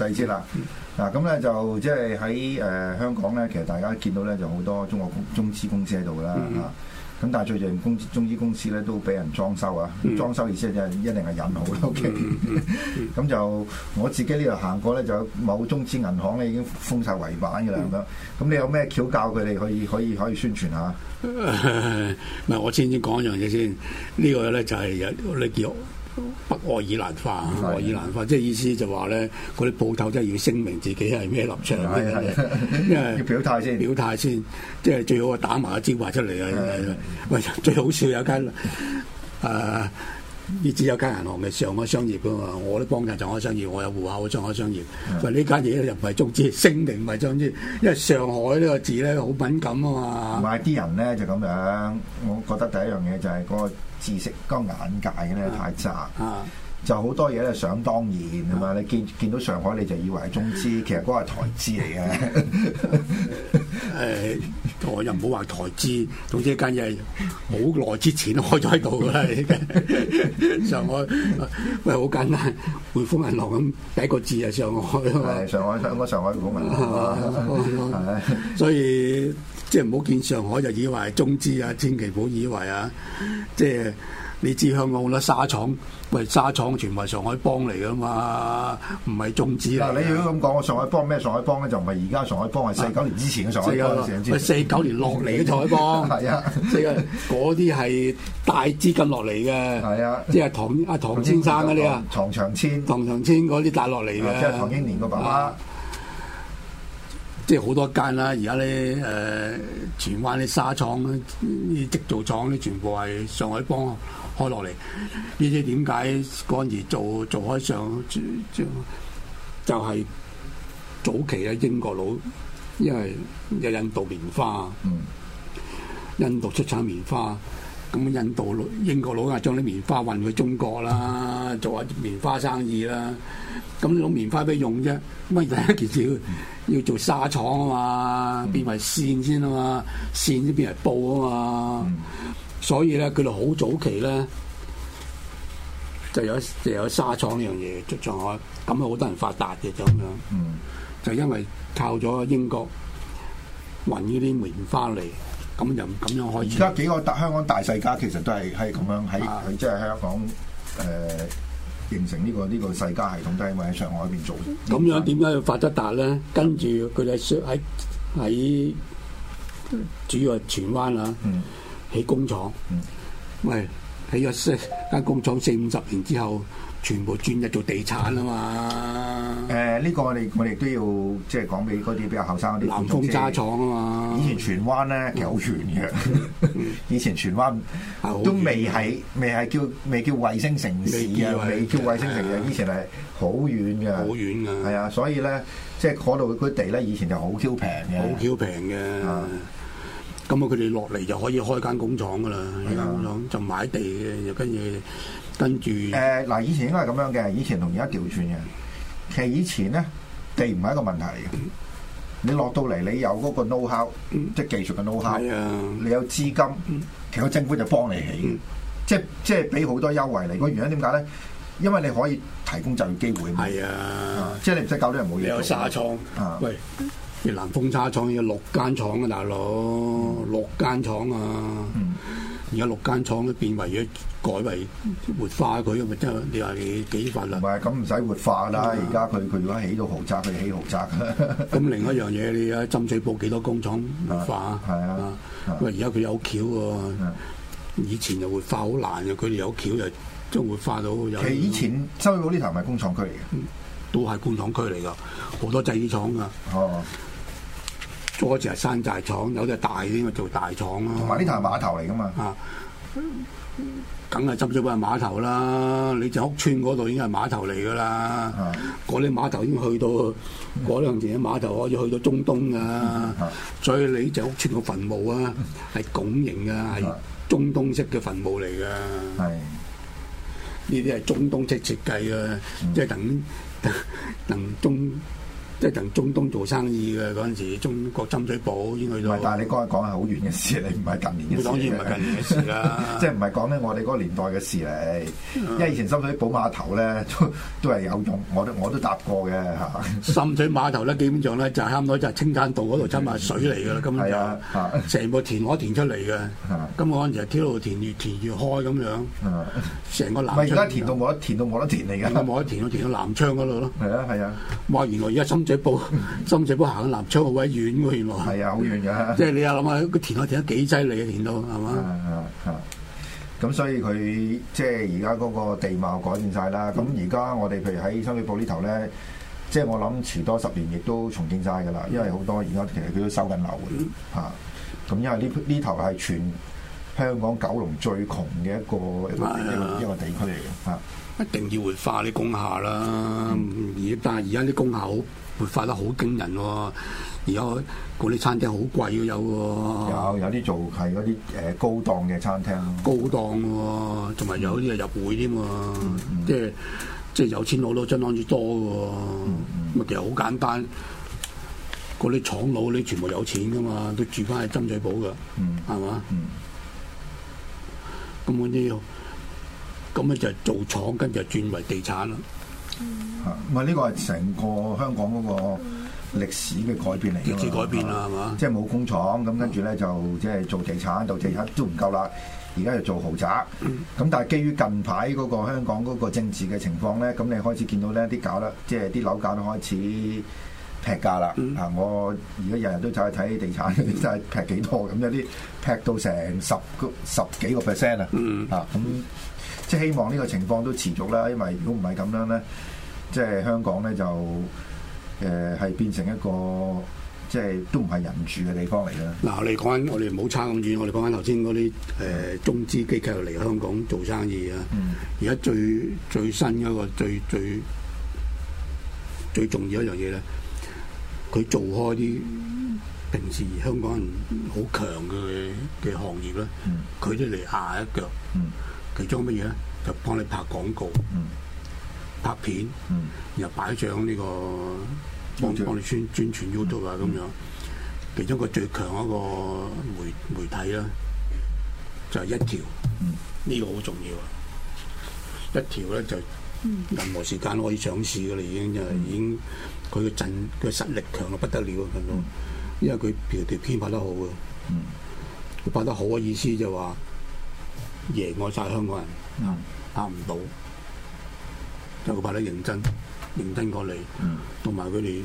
第啲啦，嗱咁咧就即係喺誒香港咧，其實大家見到咧就好多中國中資公司喺度啦吓。咁、嗯、但係最近中中資公司咧都俾人裝修啊，嗯、裝修意思就係一定係引號啦。咁、okay? 嗯嗯、 就我自己呢度行過咧，就某中資銀行咧已經封晒圍板嘅啦咁樣。咁、嗯、你有咩橋教佢哋可以可以可以，可以宣傳下？唔係 我先先講一樣嘢先，呢、呢個咧就係有力北愛爾蘭化，愛爾蘭化，即係意思就話咧，嗰啲鋪頭真係要聲明自己係咩立場， 因為 要表態先， 表態先，即係最好啊，打埋招牌出嚟啊！喂，最好笑有間啊！呃啲只有間銀行嘅上海商業噶嘛，我都幫襯上海商業，我有戶口嘅上海商業。商業嗯、但呢間嘢又唔係中資，聲明唔係中資，因為上海呢個字咧好敏感啊嘛。唔係啲人咧就咁樣，我覺得第一樣嘢就係嗰個知識、嗰、嗰個眼界咧太窄。嗯嗯就好多嘢咧想當然啊嘛！的你見見到上海你就以為係中資， 其實嗰個係台資嚟嘅、 哎。我又唔好話台資，總之一間嘢冇耐之前開咗喺度啦。 上海喂好、哎、簡單，匯豐銀行咁第一個字係上海上海，香港，上海匯豐銀行啊係，所以即係唔好見上海就以為係中資啊，千祈唔好以為啊，即係。你知香港好多，沙廠喂沙廠全部係上海幫嚟噶嘛，唔係中資。嚟。嗱，你要咁講，上海幫咩上海幫咧？就唔係而家上海幫，係四九年之前嘅上海幫。四九的年落嚟嘅上海幫。係啊 的，即係嗰啲係大資金落嚟嘅。係啊的，即係唐阿 唐，唐先生嗰啲啊，唐長千、唐長千嗰啲帶落嚟嘅。即係、就是、唐英年個爸爸。即係好多間啦、啊，而家啲誒荃灣啲紗廠、啲織造廠咧，全部係上海幫開落嚟。呢啲點解嗰而做做開上，就就係、就係、早期咧、啊、英國佬，因為有印度棉花，嗯，印度出產棉花。咁印度佬、英國佬啊，將啲棉花運去中國啦，做下棉花生意啦。咁攞棉花俾用啫，咁啊，第一件事要、嗯、要做紗廠啊嘛，變為線先啊嘛，線先變為布啊嘛。嗯、所以咧，佢哋好早期咧，就有就有紗廠呢樣嘢出上海，咁啊，好多人發達嘅就咁樣。就因為靠咗英國運呢啲棉花嚟。咁就咁樣可以。而家幾個大香港大世家其實都係係咁樣喺，喺、啊、即係香港誒、呃、形成呢、這個呢、這個世家系統，都係因為喺上海邊做？咁樣點解要發得達咧？嗯、跟住佢哋喺喺主要係荃灣啊，嗯、起工廠。嗯、喂，起咗四間工廠四五十年之後。全部專一做地產啊嘛！誒呢、呃這個我哋我哋都要即係、就是、講俾嗰啲比較後生嗰啲南豐紗廠啊嘛！以前荃灣咧其實好遠嘅， 以前荃灣都未係、啊、未係叫未叫衛星城市啊，未叫衛星城市，以前係好遠嘅，好遠嘅，係啊，所以咧即係嗰度啲地咧以前就好 Q 平嘅，好 Q 平嘅。咁啊的，佢哋落嚟就可以開間工廠噶啦，開間的的就買地嘅，又跟住。跟住，誒嗱、呃，以前應該係咁樣嘅，以前同而家調轉嘅。其實以前咧，地唔係一個問題嚟嘅。你落到嚟，你有嗰個 know how，、嗯、即係技術嘅 know how，、啊、你有資金，嗯、其實個政府就幫你起，嗯、即係即係俾好多優惠你。個原因點解咧？因為你可以提供就業機會。係啊，嗯、即係你唔使搞啲人冇嘢有沙廠，嗯、喂，越南風沙廠要六間廠啊，大佬，六間廠啊。而家六間廠都變為咗改為活化佢，咪即係你話幾繁瑣？唔係咁唔使活化啦，而家佢佢如果起到豪宅，佢起豪宅啦。咁 另一樣嘢，你睇深水埗幾多工廠活化啊？係啊，啊因而家佢有橋喎，啊、以前就活化好難嘅，佢有橋就將活化到有。其以前收到呢頭唔係工廠區嚟嘅，都係工廠區嚟㗎，好多製衣廠㗎，係、哦哦左只係山寨廠，有隻大啲嘅做大廠啊。同埋呢頭係碼頭嚟噶嘛？嚇、啊，梗係執咗佢係碼頭啦！你隻屋村嗰度已經係碼頭嚟噶啦。嗰啲、嗯、碼頭已經去到嗰、嗯、兩隻嘅碼頭，可以去到中東啊。嗯嗯、所以你隻屋村個墳墓啊，係、嗯、拱形啊，係、嗯、中東式嘅墳墓嚟噶。係、嗯，呢啲係中東，東式設計啊，即係等等中東東。東東東東即係同中東做生意嘅嗰陣時，中國深水埗已經都咗。唔係，但係你講係講係好遠嘅事，你唔係近年嘅事，事， 事。當然唔係近年嘅事啦。即係唔係講咧？我哋嗰年代嘅事嚟，因為以前深水埗碼頭咧都都係有用，我都我都搭過嘅深水碼頭咧，基本上咧，嗯、就係咁耐，就係青山道嗰度出埋水嚟㗎啦。根本就成個田河填出嚟嘅。咁我按住條路田越填越開咁樣。成、啊、個南而家填到冇得填到冇得填嚟㗎。冇得填到填到南昌嗰度咯。係啊！係啊！哇、啊！原、啊啊嗯嗯、來而家社深水埗行緊南昌個位遠喎，係啊，好遠㗎！即係你又諗下填海填得幾犀利啊？填到，係嘛？咁所以佢即係而家嗰個地貌改變晒啦。咁而家我哋譬如喺深水埗呢頭咧，即係我諗遲多十年亦都重建晒㗎啦。因為好多而家其實佢都收緊樓嘅嚇。咁因為呢呢頭係全香港九龍最窮嘅一個一個地區嚟嘅嚇，一定要活化啲工廈啦。而但係而家啲工廈。活化得好驚人喎、啊！而家嗰啲餐廳好貴嘅有，有，有有啲做係嗰啲誒高檔嘅餐廳。高檔喎、啊，同埋有啲係入會添喎、嗯嗯，即係即係有錢佬都相當之多嘅喎。咪、嗯嗯、其實好簡單，嗰啲廠佬你全部有錢嘅嘛，都住翻喺深水埗嘅，係嘛、嗯？咁嗰啲咁咪就做廠，跟住轉為地產啦。啊！呢個係成個香港嗰個歷史嘅改變嚟，嘅。改變啦，係嘛？即係冇工廠，咁跟住咧就即係做地產，做地產都唔夠啦。而家就做豪宅，咁但係基於近排嗰個香港嗰個政治嘅情況咧，咁你開始見到呢啲搞得，即係啲樓價都開始劈價啦。啊！我而家日日都走去睇地產，真係劈幾多咁？有啲劈到成十十幾個 percent 啊！啊咁，即係希望呢個情況都持續啦。因為如果唔係咁樣咧，即係香港咧就誒係、呃、變成一個即係都唔係人住嘅地方嚟嘅。嗱，我哋講緊我哋唔好差咁遠，我哋講緊頭先嗰啲誒中資機構嚟香港做生意啊。而家、嗯、最最新一個最最最重要一樣嘢咧，佢做開啲平時香港人好強嘅嘅行業咧，佢、嗯、都嚟壓一腳。嗯。佢做乜嘢咧？就幫你拍廣告。嗯拍片又擺上呢、這個幫幫你宣宣傳 YouTube 啊咁樣，其中個最強一個媒、嗯、媒體啦，就係、是、一條，呢、嗯、個好重要。一條咧就任何時間都可以上市嘅啦，已經就係、嗯、已經佢嘅陣佢實力強到不得了，大佬，嗯、因為佢條條片拍得好嘅，佢、嗯、拍得好嘅意思就話贏我晒香港人，拍唔到。嗯就佢拍得認真，認真過嚟，同埋佢哋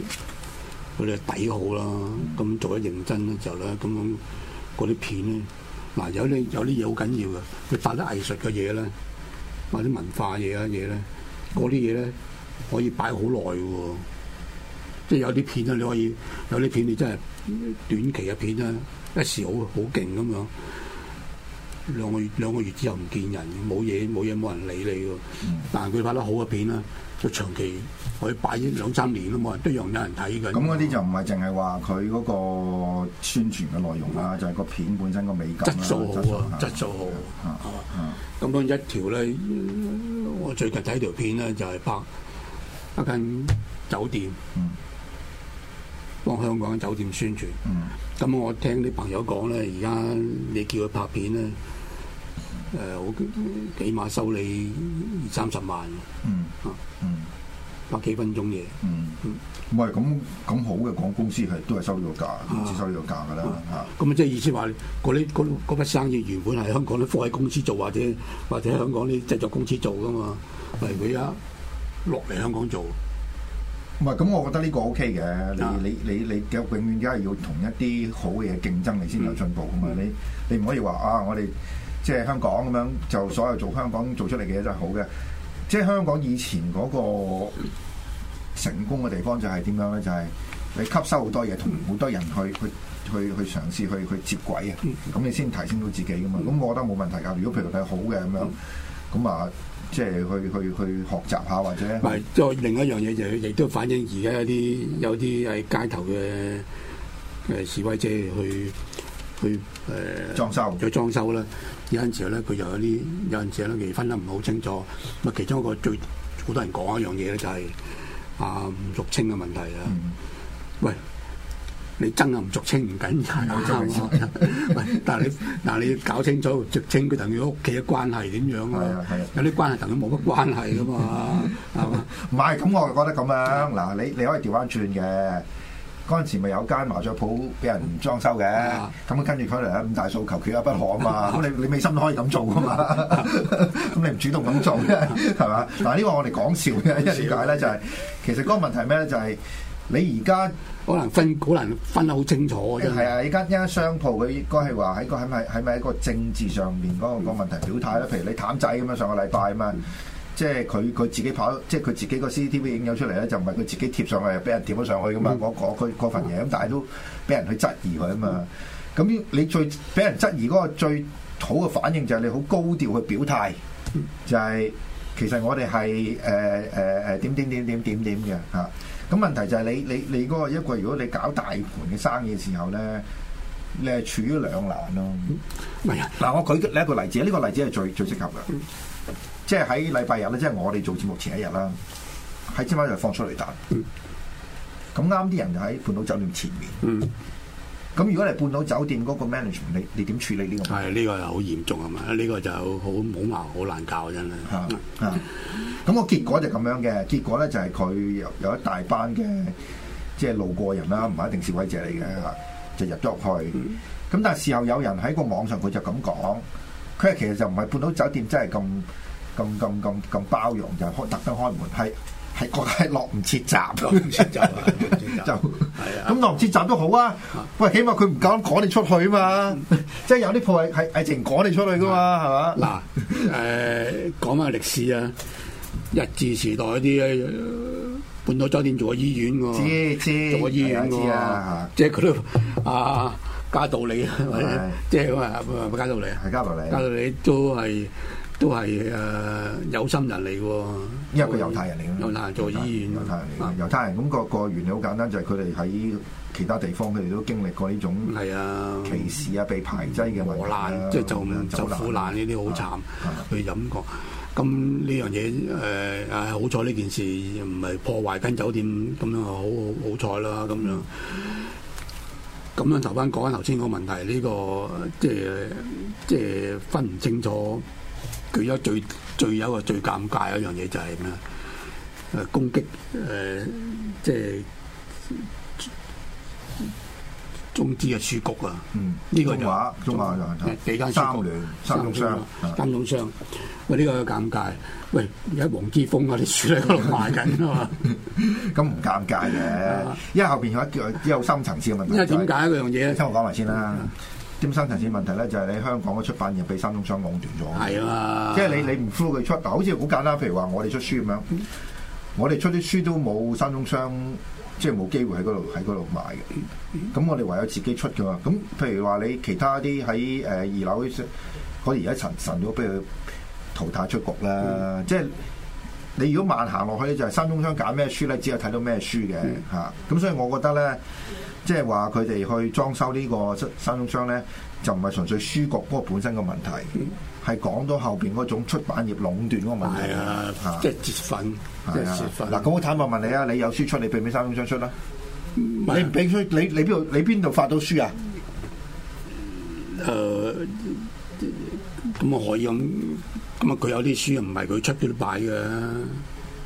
佢哋底好啦，咁做得認真咧就咧咁樣嗰啲片咧，嗱、啊、有啲有啲嘢好緊要嘅，佢拍啲藝術嘅嘢咧，或者文化嘢啊嘢咧，嗰啲嘢咧可以擺好耐嘅，即係有啲片咧你可以，有啲片你真係短期嘅片咧，一時好好勁咁樣。兩個月兩個月之後唔見人，冇嘢冇嘢冇人理你喎。嗯、但係佢拍得好嘅片啦，就長期可以擺咗兩三年都冇人一樣有人睇嘅。咁嗰啲就唔係淨係話佢嗰個宣傳嘅內容啦，嗯、就係個片本身個美感。質素好，質素好。咁嗰對一條咧，我最近睇條片咧就係拍一間酒店嗯。幫香港酒店宣傳，咁、嗯、我聽啲朋友講咧，而家你叫佢拍片咧，誒、呃，我起碼收你三十萬，嗯、啊，嗯，百幾分鐘嘢，嗯，唔係咁咁好嘅，港公司係都係收呢個價，公司、啊、收呢個價㗎啦，嚇、啊。咁、啊、即係意思話，嗰啲嗰筆生意原本係香港啲科技公司做，或者或者香港啲製作公司做㗎嘛，係佢一落嚟香港做。唔係，咁我覺得呢個 O K 嘅，你你你你，永永遠梗係要同一啲好嘅嘢競爭嚟先有進步噶嘛、嗯，你你唔可以話啊，我哋即係香港咁樣就所有做香港做出嚟嘅嘢都係好嘅，即係香港以前嗰個成功嘅地方就係點樣咧？就係、是、你吸收好多嘢，同好多人去去去去嘗試去去接軌啊，咁、嗯、你先提升到自己噶嘛。咁我覺得冇問題噶，如果譬如你係好嘅咁樣。咁啊，即係去去去學習下或者。唔係，再另一樣嘢就係亦都反映而家有啲有啲喺街頭嘅嘅示威者去去誒。呃、裝修。再裝修啦，有陣時咧佢又有啲，有陣時咧佢分得唔好清楚。咪其中一個最好多人講一樣嘢咧、就係，就係啊，俗稱嘅問題啊。嗯、喂。你真係唔肅清唔緊要，係嘛？喂，但係你但係你搞清楚肅清，佢等於屋企嘅關係點樣啊？係啊係啊，有啲關係等於冇乜關係噶嘛，係嘛？唔係，咁我就覺得咁樣。嗱，你你可以調翻轉嘅。嗰陣時咪有間麻雀鋪俾人唔裝修嘅，咁跟住佢嚟啊，五大訴求缺一不可啊嘛。咁你你美心都可以咁做噶嘛？咁你唔主動咁做，係嘛？嗱，呢個我哋講笑嘅，因為點解咧？就係其實嗰個問題咩咧？就係。你而家可能分好難分得好清楚嘅，係啊！而家一間商鋪佢應該係話喺個係咪係咪一個政治上面嗰個個問題表態咧。譬如你譚仔咁樣上個禮拜啊嘛，即係佢佢自己跑，即係佢自己個 CCTV 影咗出嚟咧，就唔係佢自己貼上去，俾人貼咗上去噶嘛。嗰份嘢咁，但係都俾人去質疑佢啊嘛。咁你最俾人質疑嗰個最好嘅反應就係你好高調去表態，就係其實我哋係誒誒誒點點點點點點嘅吓。咁問題就係你你你嗰個一個，如果你搞大盤嘅生意嘅時候咧，你係處於兩難咯、啊。嗱、嗯嗯啊，我舉你一個例子，呢、這個例子係最最適合嘅，即係喺禮拜日咧，即、就、係、是、我哋做節目前一日啦，喺尖沙咀就放出嚟彈，咁啱啲人就喺半島酒店前面。嗯咁如果你半島酒店嗰個 manager，你你點處理呢個問題？係呢、呢個係好嚴重啊嘛！呢、呢個就好好冇貌好難教真啦。啊咁的、嗯咁個結果就咁樣嘅，結果咧就係佢有有一大班嘅即係路過人啦，唔係一定示威者嚟嘅，就入咗去。咁、嗯、但係事後有人喺個網上佢就咁講，佢係其實就唔係半島酒店真係咁咁咁咁咁包容，就開、是、特登開門係。係覺得係落唔切閘，落唔切閘，就係 啊！咁落唔切閘都好啊，喂，起碼佢唔夠膽趕你出去啊嘛！ 即係有啲鋪係係直情趕你出去噶嘛，係嘛是？嗱吧，誒、呃、講返歷史啊，日治時代嗰啲半島酒店做過醫院㗎喎，做過醫院啊。即係佢都啊加道理啊，係咪？即係咁啊加道理啊，加道理，加道理，加道理都係。都係誒有心人嚟嘅，因為佢猶太人嚟嘅，猶太人做醫院，猶太人嚟嘅，猶太人咁個、啊、個原理好簡單，就係佢哋喺其他地方，佢哋都經歷過呢種歧視啊、嗯、被排擠嘅困難，即係受受苦難呢啲好慘，啊啊、去飲過。咁呢樣嘢誒，唉，好彩呢件事唔係破壞緊酒店咁樣，樣，好好好彩啦咁樣。咁樣頭翻講緊頭先個問題，呢、呢個、呢個、即係即係分唔清楚。佢有最最有一個最尷尬一樣嘢就係咩？誒攻擊誒，即係中資嘅書局啊！嗯，呢個就中華中華就係三聯三中商，三中商。喂，呢個尷尬。喂，而家黃之鋒啊，啲書喺度賣緊啊嘛？咁唔尷尬嘅，因為後邊有一個有深層次嘅問題。因為點解嗰樣嘢咧？聽我講埋先啦。啲生存線問題咧，就係、是、你香港嘅出版業被三中商壟斷咗。係啊嘛，即係你你唔呼佢出，嗱，好似好簡單，譬如話我哋出書咁樣，我哋出啲書都冇三中商，即係冇機會喺嗰度喺度賣嘅。咁我哋唯有自己出噶嘛。咁譬如話你其他啲喺誒二樓嗰啲，可能而家沉神咗，俾佢淘汰出局啦。嗯、即係你如果慢行落去咧，就係、是、三中商揀咩書咧，只有睇到咩書嘅嚇。咁、嗯啊、所以我覺得咧。即係話佢哋去裝修個三呢個三中商咧，就唔係純粹書局嗰個本身嘅問題，係講到後邊嗰種出版業壟斷嗰個問題啊！即係折粉，嗱，咁我坦白問你啊，你有書出，你俾唔俾三中商出啦是？你唔俾出，你你邊度？你邊度發到書啊？誒、呃，咁啊可以咁，咁啊佢有啲書唔係佢出嗰啲擺嘅，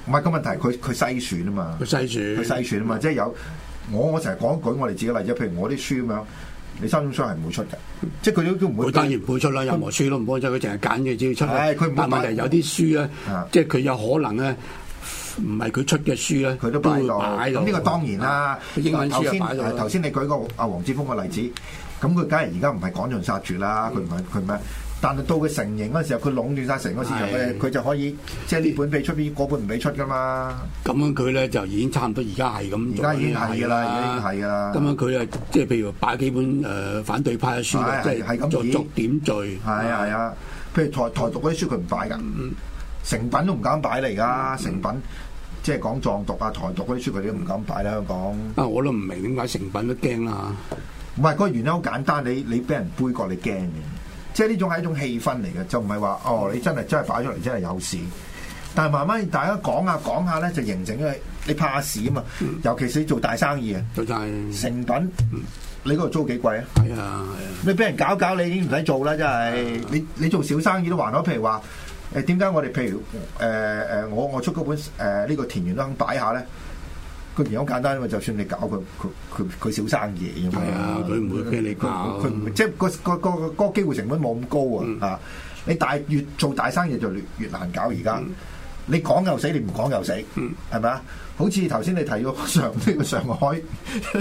唔係個問題，佢佢篩選啊嘛，佢篩選，佢篩選啊嘛，即係有。我舉我成日講一我哋自己例子，譬如我啲書咁樣，你收種書係唔會出嘅，即係佢都都唔會。當然唔會出啦，任何書都唔會出，佢成日揀嘅只要出。係、哎，佢問題係有啲書咧，啊、即係佢有可能咧，唔係佢出嘅書咧，佢都唔會咁，呢個當然啦。英文書又擺頭先你舉個阿黃之峰嘅例子，咁佢梗係而家唔係趕盡殺絕啦，佢唔係佢唔係。但係到佢成形嗰陣時候，佢壟斷晒成個市場，佢佢就可以即係呢本俾出邊，嗰本唔俾出噶嘛。咁樣佢咧就已經差唔多而家係咁，而家已經係噶啦，已經係噶啦。咁樣佢係即係譬如擺幾本誒反對派嘅書，即係作足點綴。係啊係啊，譬如台台獨嗰啲書佢唔擺噶，誠品都唔敢擺嚟噶。誠品即係講藏獨啊、台獨嗰啲書佢哋都唔敢擺啦。香港，我都唔明點解誠品都驚啦。唔係個原因好簡單，你你俾人背過你驚嘅。即係呢種係一種氣氛嚟嘅，就唔係話哦，你真係真係擺出嚟真係有事。但係慢慢大家講下講下咧，就形成嘅你怕事啊嘛。尤其是做大生意啊，做大、嗯、成品，嗯、你嗰度租幾貴啊？係啊、哎，哎、你俾人搞搞，你已經唔使做啦，真係。哎、呀你你做小生意都還好，譬如話誒，點解我哋譬如誒誒、呃，我我出嗰本誒呢、呃呢個《田園》都肯擺下咧？佢而家簡單啊嘛，就算你搞佢佢佢佢小生意咁啊，佢唔、哎、會俾你佢唔即係個個個個機會成本冇咁高啊嚇、嗯啊！你大越做大生意就越越難搞而家，嗯、你講又死，你唔講又死，係咪啊？好似頭先你提到上呢個上海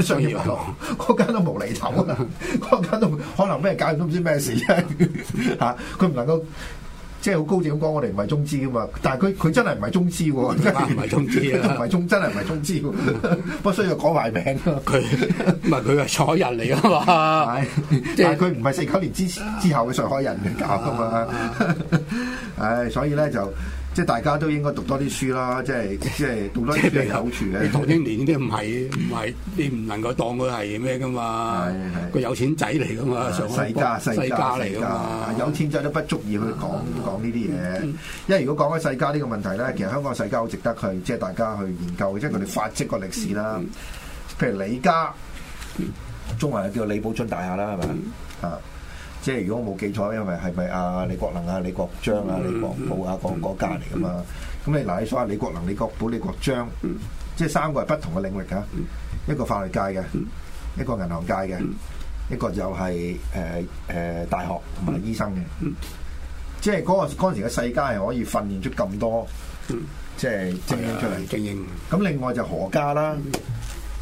商業樓，嗰間都無厘頭啊，嗰間都可能咩搞都唔知咩事啫嚇，佢唔能夠。即係好高調咁講，我哋唔係中資噶嘛，但係佢佢真係唔係中資喎，真係唔係中資唔係 中真係唔係中資，不需要改埋名咯。佢唔係佢係上海人嚟啊嘛，即係佢唔係四九年之之後嘅上海人嚟搞啊嘛，唉，所以咧就。即係大家都應該讀多啲書啦，即係即係讀多啲書有好處嘅。唐英年嗰啲唔係唔係，你唔能夠當佢係咩噶嘛？係係個有錢仔嚟噶嘛？世家世家嚟噶，有錢仔都不足以去講講呢啲嘢。因為如果講起世家呢個問題咧，其實香港世家好值得去，即係大家去研究，即係佢哋發跡個歷史啦。譬如李家，中文又叫做李寶椿大廈啦，係咪啊？即係如果我冇記錯，因為係咪阿李國能啊、李國章啊、李國寶啊嗰嗰家嚟噶嘛？咁你嗱你所謂李國能、李國寶、李國章，即係三個係不同嘅領域噶，一個法律界嘅，一個銀行界嘅，一個又係誒誒大學同埋醫生嘅，即係嗰個嗰陣時嘅世界係可以訓練出咁多，即係精英出嚟精英。咁另外就何家啦，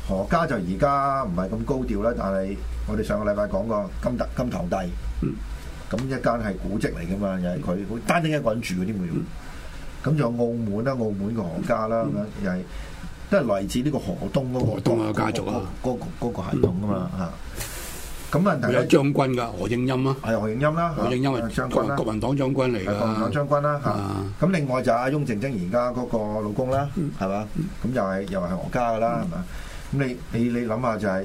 何家就而家唔係咁高調啦，但係我哋上個禮拜講過金德金堂帝。咁一間係古蹟嚟噶嘛，又係佢單丁一個人住嗰啲咪？咁仲有澳門啦，澳門個何家啦，咁樣又係都係來自呢個何東咯。何東啊，家族啊，嗰個嗰個系統啊嘛吓。咁問題，有將軍噶何應欽啊？係何應欽啦，何應欽係將軍啦，國民黨將軍嚟噶。國民黨將軍啦吓。咁另外就阿翁靜晶而家嗰個老公啦，係嘛？咁又係又係何家噶啦，係嘛？咁你你你諗下就係。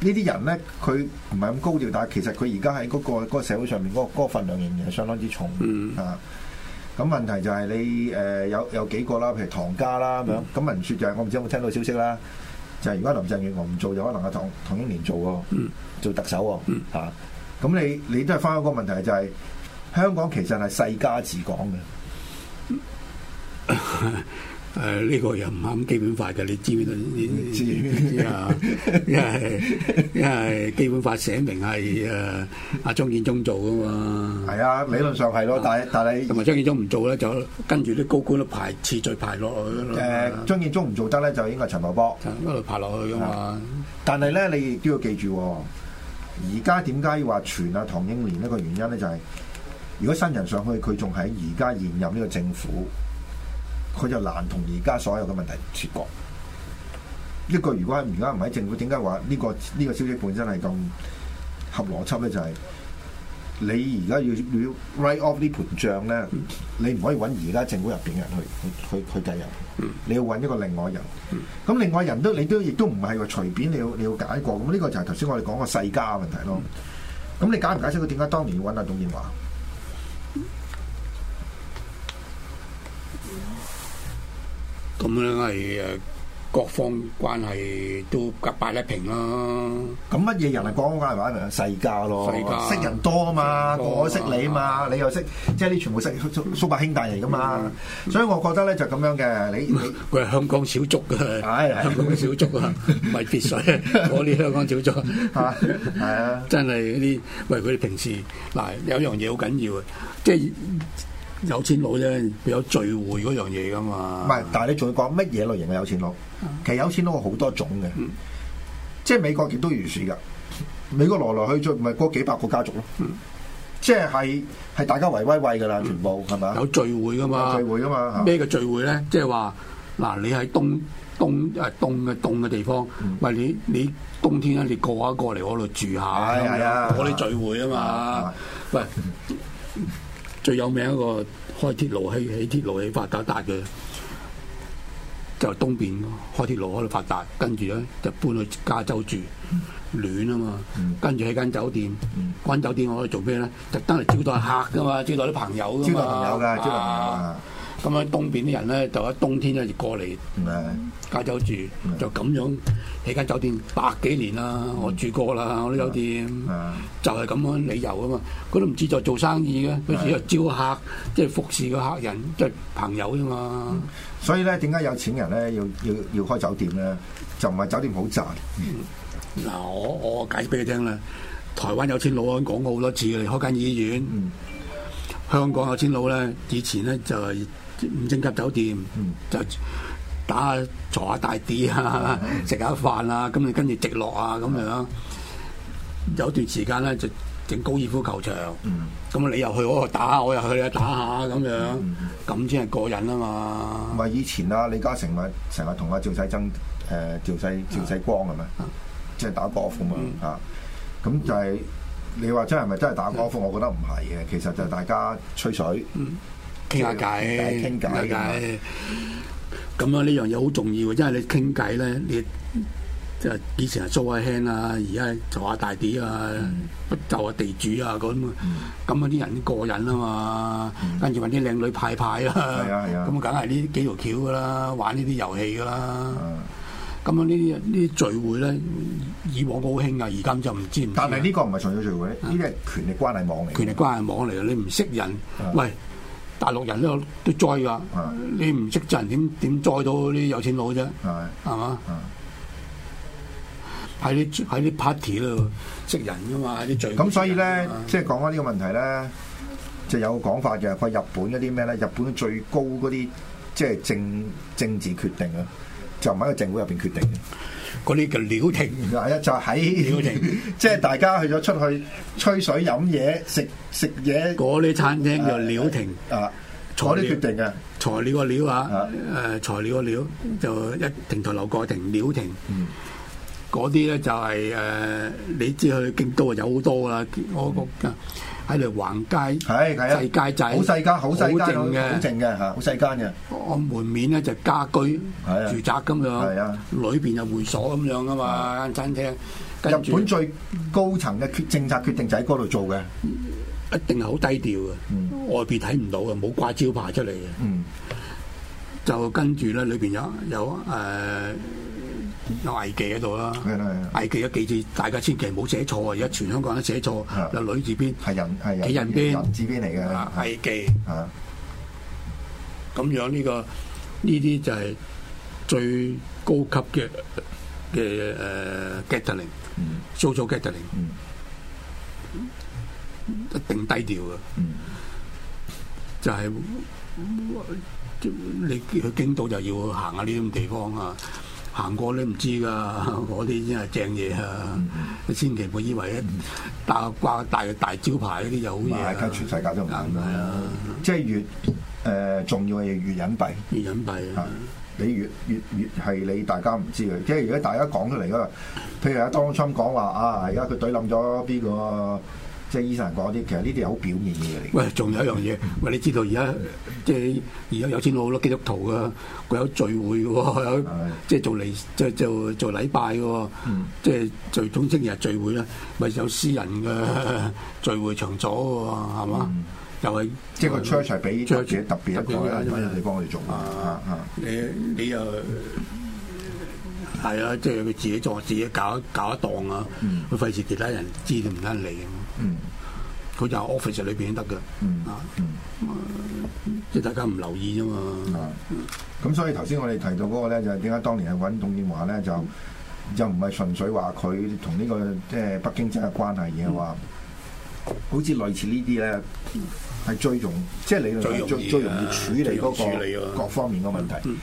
呢啲人咧，佢唔係咁高調，但係其實佢而家喺嗰個社會上面嗰、嗰個嗰份、嗰個、量仍然係相當之重、嗯、啊！咁問題就係你誒有有幾個啦，譬如唐家啦咁樣，咁聞說就係、是、我唔知有冇聽到消息啦，就係、是、如果林鄭月娥唔做，有可能阿唐唐英年做喎、啊，嗯、做特首喎、啊、咁、嗯啊、你你都係翻開個問題就係、是、香港其實係世家治港嘅。嗯 誒呢、哎呢個又唔啱基本法嘅，你知唔知啊？因為因為基本法寫明係誒阿張建忠做噶嘛。係啊，理論上係咯，嗯、但係但係同埋張建忠唔做咧，就跟住啲高官都排次序排落去。誒、呃，張建忠唔做得咧，就應該係陳茂波一路排落去噶嘛。但係咧，你亦都要記住，而家點解要話傳阿唐英年呢個原因咧、就係，就係如果新人上去，佢仲喺而家現任呢個政府。佢就難同而家所有嘅問題切割。一個如果喺而家唔喺政府，點解話呢個呢個消息本身係咁合邏輯咧？就係你而家要要 write off 呢盤帳咧，你唔可以揾而家政府入邊嘅人去去去，去計入，你要揾一個另外人。咁另外人都你都亦都唔係話隨便你要你要解過。咁呢個就係頭先我哋講個世家問題咯。咁你解唔解釋佢點解當年要揾阿董建華？咁樣係誒各方關係都夾擺得平啦。咁乜嘢人係講緊係咩啊？世界咯，世界識人多啊嘛，我識你啊嘛，你又識，即係啲全部識叔伯兄弟嚟噶嘛。所以我覺得咧就咁樣嘅，你你佢係香港小築啊，香港小築啊，唔係別墅，我啲香港小築嚇，係啊，真係啲喂佢哋平時嗱有樣嘢好緊要啊，即係。有錢佬咧，有聚會嗰樣嘢噶嘛。唔係，但係你仲要講乜嘢類型嘅有錢佬？啊、其實有錢佬好多種嘅，嗯、即係美國亦都如是噶。美國來來去去唔係嗰幾百個家族咯，嗯、即係係係大家圍圍圍噶啦，全部係咪？嗯、吧有聚會噶嘛？聚會噶嘛？咩叫聚會咧？即係話嗱，你喺冬冬誒凍嘅凍嘅地方，嗯、喂，你你冬天咧，你過，過下過嚟我度住下係啊，嗰啲聚會啊嘛，喂、嗯。 最有名一個開鐵路，起起鐵路起發達嘅，就是、東邊開鐵路開到發達，跟住咧就搬去加州住暖啊嘛，跟住喺間酒店，揾、嗯、酒店我喺度做咩咧？特登嚟招待客噶嘛，招待啲朋友噶嘛。咁樣東邊啲人咧，就喺冬天咧就過嚟加州住，就咁樣起間酒店百幾年啦，我住過啦，我啲酒店、嗯、是是就係咁樣理由啊嘛，佢都唔志在做生意嘅，佢只係招客，即、就、係、是、服侍個客人，即、就、係、是、朋友啫嘛、嗯。所以咧，點解有錢人咧要要要開酒店咧？就唔係酒店好賺。嗱、嗯嗯，我我解釋俾你聽啦，台灣有錢佬講過好多次，開間醫院。香港有錢佬咧，以前咧就係、是。五星級酒店就打下坐下大啲，啊，食下飯啦，咁你跟住直落啊咁樣。有段時間咧就整高爾夫球場，咁 你又去嗰度打，我又去啊打下咁樣，咁先係過癮啊嘛、就是、嘛。唔係以前啊，李嘉誠咪成日同阿趙世曾誒趙世趙世光係咪？即係、 就是、打波啊嘛嚇。咁就係你話真係咪真係打波？我覺得唔係嘅，其實就大家吹水。 傾下偈，傾偈，咁樣呢樣嘢好重要，因為你傾偈咧，你即係以前係租下輕啊，而家坐下大碟啊，就下，嗯、地主啊咁啊，咁啊啲人過癮啦嘛，跟住揾啲靚女派派啦，咁梗係呢幾條橋噶啦，玩呢啲遊戲噶啦，咁啊呢啲呢啲聚會咧，以往好興噶，而家就唔知。但係呢個唔係純粹聚會，呢啲係權力關係網嚟，權力關係網嚟，你唔識人，喂。喂大陸人都都栽㗎，的你唔識人點點栽到啲有錢佬啫，係嘛的？係啲係啲 party 咯，識人㗎嘛，啲聚會咁，所以咧，即係講返呢個問題咧，就係有講法嘅。佢日本嗰啲咩咧？日本最高嗰啲即係政政治決定啊，就唔喺個政府入邊決定嘅。嗰啲叫料亭，係啊， 就喺料亭，即係大家去咗出去吹水飲嘢食食嘢，嗰啲餐廳叫料亭啊，啊材料、啊、決定嘅材料嘅料啊，誒，材料嘅料就一亭台樓閣亭料亭，嗰啲咧就係、是、誒、啊，你知去京都啊有好多啦，我覺得。嗯喺度橫街，細街仔，好細間，好細間，好靜嘅，好靜嘅嚇，好細間嘅。個門面咧就家居、的住宅咁樣，裏邊有會所咁樣啊嘛，餐廳的。後日本最高層嘅決政策決定就喺嗰度做嘅，一定係好低調嘅，嗯、外邊睇唔到嘅，冇掛招牌出嚟嘅。嗯、就跟住咧，裏邊有有誒。有呃有藝妓喺度啦，藝妓嘅妓字，大家千祈唔好寫錯啊！而家全香港都寫錯，有女字邊？係人，係人字邊嚟嘅，藝妓，咁樣呢個呢啲就係最高級嘅嘅誒，gathering，social gathering，一定低調嘅。就係你去京都就要行下呢啲地方啊。行過咧唔知㗎，嗰啲真係正嘢啊！你、嗯、千祈唔好以為一打、嗯、掛大嘅大，大招牌嗰啲就好嘢啊！而家全世界都唔難啊！即係越誒、呃、重要嘅嘢越隱蔽，越隱蔽啊！你越越越係你大家唔知嘅，即係如果大家講出嚟嗰個，譬如阿 Donald Trump 講話啊，而家佢懟冧咗邊個？即係醫生講啲，其實呢啲係好表面嘅嘢嚟。喂，仲有一樣嘢，喂， 你知道而家即係而家有錢佬好多基督徒嘅，佢有聚會喎， 即係做嚟即係做做禮拜喎，即係最終星期日聚會啦。咪有私人嘅聚會場所喎，係嘛、嗯？又係、就是、即係個 church 俾自己特別一個地方嚟幫我做你你又係啊？即係佢自己做自己搞搞一檔啊！佢費事其他人知到唔得理。嗯，佢就 office 裏邊得噶，啊、嗯，即、嗯、係、呃、大家唔留意啫嘛。咁、嗯嗯、所以頭先我哋提到嗰個咧，就係點解當年係搵董建華咧，就又唔係純粹話佢同呢個即係、呃、北京真係關係，而係話好似類似呢啲咧，係、嗯就是、最容即係理論上最最容易處理嗰個各方面嘅問題、嗯。嗯嗯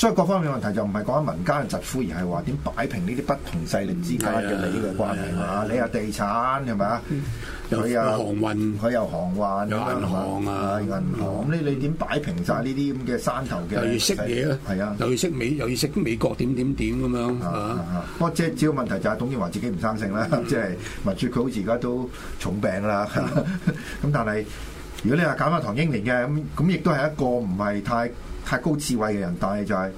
所以各方面問題就唔係講緊民間嘅疾呼，而係話點擺平呢啲不同勢力之間嘅利益關係嘛？你又地產係咪啊？佢又航運，佢又航運，又銀行啊，銀行咁你點擺平晒呢啲咁嘅山頭嘅？又要識嘢啊！係啊，又要識美，又要識美國點點點咁樣，不過我即係主要問題就係董建華自己唔生性啦，即係民主佢好似而家都重病啦。咁但係如果你話揀翻唐英年嘅咁，咁亦都係一個唔係太太高智慧嘅人，但係就係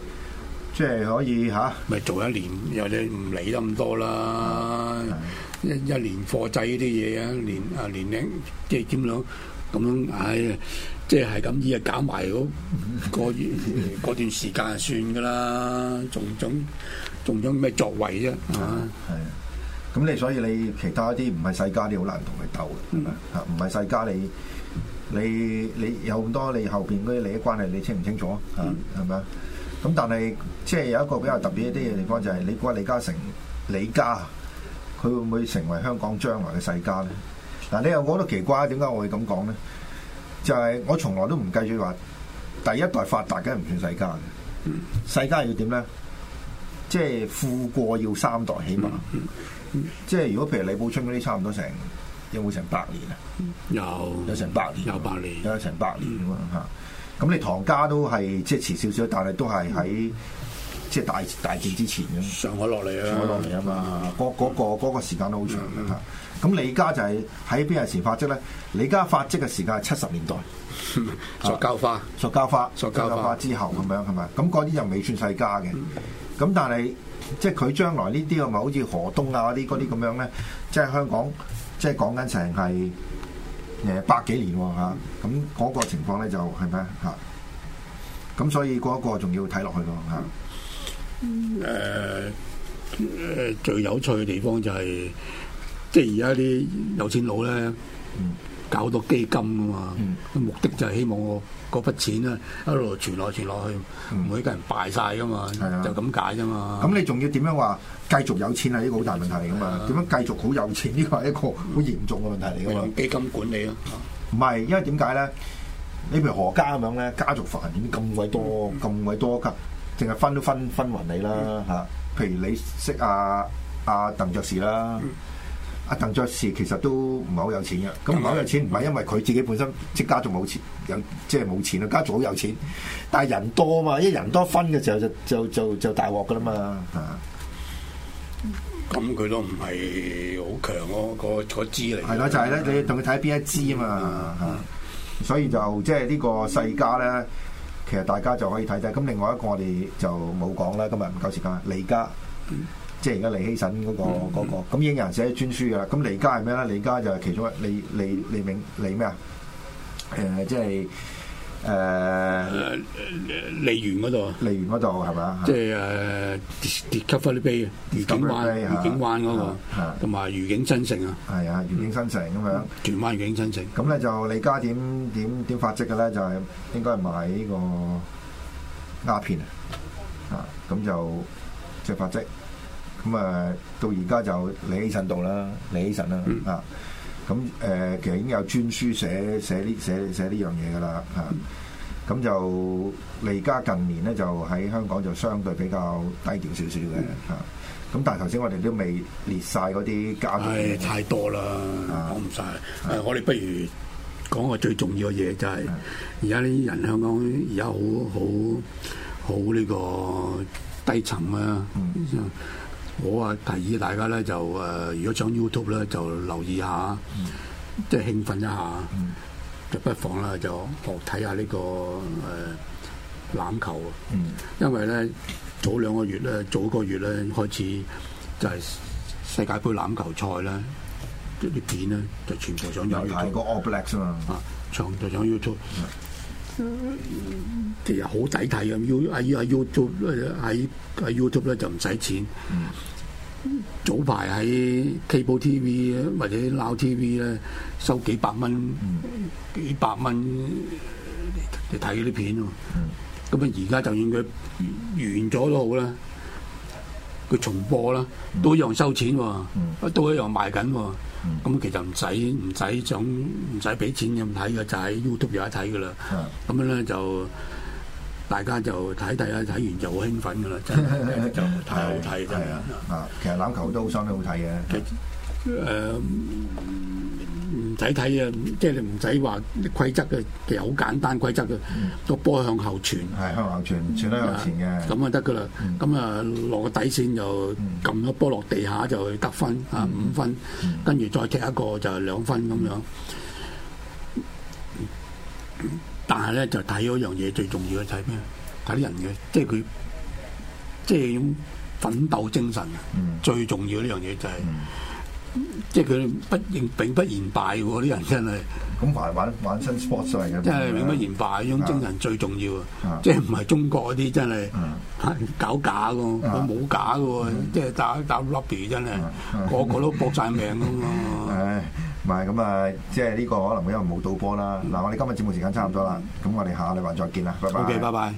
即係可以吓，咪、啊、做一年又你唔理得咁多啦的。一一年貨制啲嘢啊，年啊年齡即係點樣咁樣？唉、哎，即係係咁意啊，搞埋嗰個月嗰段時間就算㗎啦，仲仲仲有咩作為啫？係啊，咁你所以你其他啲唔係世家啲好難同佢鬥嘅，唔係、嗯、世家你。你你有咁多你後邊嗰啲利益關係你清唔清楚啊？嚇係咪？咁但係即係有一個比較特別一啲嘅地方就係你估下李嘉誠、李家佢會唔會成為香港將來嘅世家咧？嗱，你又覺得奇怪，點解我會咁講咧？就係、是、我從來都唔計住話第一代發達梗係唔算世家嘅，世家要點咧？即、就、係、是、富過要三代起，起碼即係如果譬如李寶春嗰啲差唔多成。有冇成百年啊？有有成百年，有百年，有成百年咁啊！嚇咁你唐家都係即係遲少少，但係都係喺即係大大戰之前嘅上海落嚟啊！上海落嚟啊嘛，嗰嗰個嗰個時間都好長啊！咁李家就係喺邊陣時發跡咧？李家發跡嘅時間係七十年代，塑膠花，塑膠花，塑膠花之後咁樣係咪？咁嗰啲就未算世家嘅。咁但係即係佢將來呢啲係咪好似河東啊啲嗰啲咁樣咧？即係香港。即係講緊成係誒百幾年喎嚇，咁嗰個情況咧就係咩啊嚇？咁所以嗰個仲要睇落去咯嚇。誒誒、嗯呃呃，最有趣嘅地方就係、是，即係而家啲有錢佬咧。嗯搞到基金噶嘛？目的就係希望我嗰筆錢咧，一路傳落傳落去，唔會一家人敗晒噶嘛，就咁解啫嘛。咁你仲要點樣話繼續有錢啊？呢個好大問題嚟噶嘛？點樣繼續好有錢？呢個係一個好嚴重嘅問題嚟噶嘛？基金管理吖，唔係，因為點解咧？你譬如何家咁樣咧，家族繁衍咁鬼多，咁鬼多噶，淨係分都分分勻你啦吓。譬如你識阿阿鄧爵士啦。阿鄧卓士其實都唔係好有錢嘅，咁唔係好有錢唔係因為佢自己本身即家族冇錢，有即係冇錢啊，家族好有錢，但係人多啊嘛，一人多分嘅時候就就就就大鑊噶啦嘛，吓、嗯。咁佢、嗯、都唔係好強咯，個個支嚟。係咯，就係、是、咧，你同佢睇邊一支啊嘛，吓、嗯。嗯、所以就即係呢個世家咧，其實大家就可以睇睇。咁另外一個我哋就冇講啦，今日唔夠時間。李家。即係而家利希慎嗰、那個嗰、嗯、個咁已經有人寫專書嘅啦。咁利家係咩咧？利家就係其中一利利利銘，利咩啊？誒、啊，即係誒利源嗰度，利源嗰度係嘛？即係誒 Discovery Bay 愉景灣、愉景灣嗰個，同埋愉景新城啊。係啊，愉景新城咁樣荃、嗯、灣愉景新城。咁咧就利家點點點發跡嘅咧？就係、是、應該係買呢個鴉片啊，咁就即係、就是就是、發跡。咁、嗯、啊，到而家就李希慎度啦，李希慎啦，啊！咁誒，其實已經有專書寫寫呢寫寫呢樣嘢噶啦，嚇、啊！咁、啊啊啊、就而家近年咧，就喺香港就相對比較低調少少嘅嚇。咁、啊、但係頭先我哋都未列晒嗰啲家、哎，太多啦，講唔晒，誒，我哋不如講個最重要嘅嘢就係，而家啲人香港而家好好好呢個低層啊。嗯我啊，提議大家咧就誒、呃，如果上 YouTube 咧就留意下，嗯、即係興奮一下，嗯、就不妨啦，就學睇下呢個誒、呃、籃球。嗯，因為咧早兩個月咧，早個月咧開始就係世界盃籃球賽，即啲片咧就全部上，上 YouTube Oblak 啊嘛，上就上 YouTube。其實好抵睇嘅，要喺 YouTube 咧 you 就唔使錢。嗯、早排喺 Cable TV 或者 Now TV 咧收幾百蚊，嗯、幾百蚊你睇嗰啲片咯。咁啊、嗯，而家就算佢完咗都好啦，佢重播啦，都一樣收錢，都一樣賣緊喎。咁、嗯、其實唔使唔使想唔使俾錢咁睇嘅，就喺、是、YouTube 有得睇噶啦。咁、嗯、樣咧就大家就睇睇下睇完就好興奮噶啦， 真係就太好睇啦！啊，啊，其實籃球都好爽都好睇嘅。嗯睇睇啊，即係你唔使話規則嘅，其實好簡單規則嘅，個、嗯、波向後傳，係向後傳，傳得向前嘅，咁啊得㗎喇。咁啊落個底線就撳咗、嗯、波落地下就得分、嗯、啊五分，跟住再踢一個就兩分咁樣。但係咧就睇嗰樣嘢最重要嘅係咩？睇人嘅，即係佢，即係種奮鬥精神啊！嗯、最重要呢樣嘢就係。嗯嗯即係佢不認，並不言敗喎！啲人真係咁排玩玩新 sport 嚟嘅，即係永不言敗呢種精神最重要啊！即係唔係中國嗰啲真係搞假嘅，佢冇假嘅，即係打打 lobby 真係個個都搏晒命嘅嘛！唉，唔係咁啊！即係呢個可能會因為冇賭波啦。嗱，我哋今日節目時間差唔多啦，咁我哋下個禮拜再見啦，拜拜。OK，拜拜。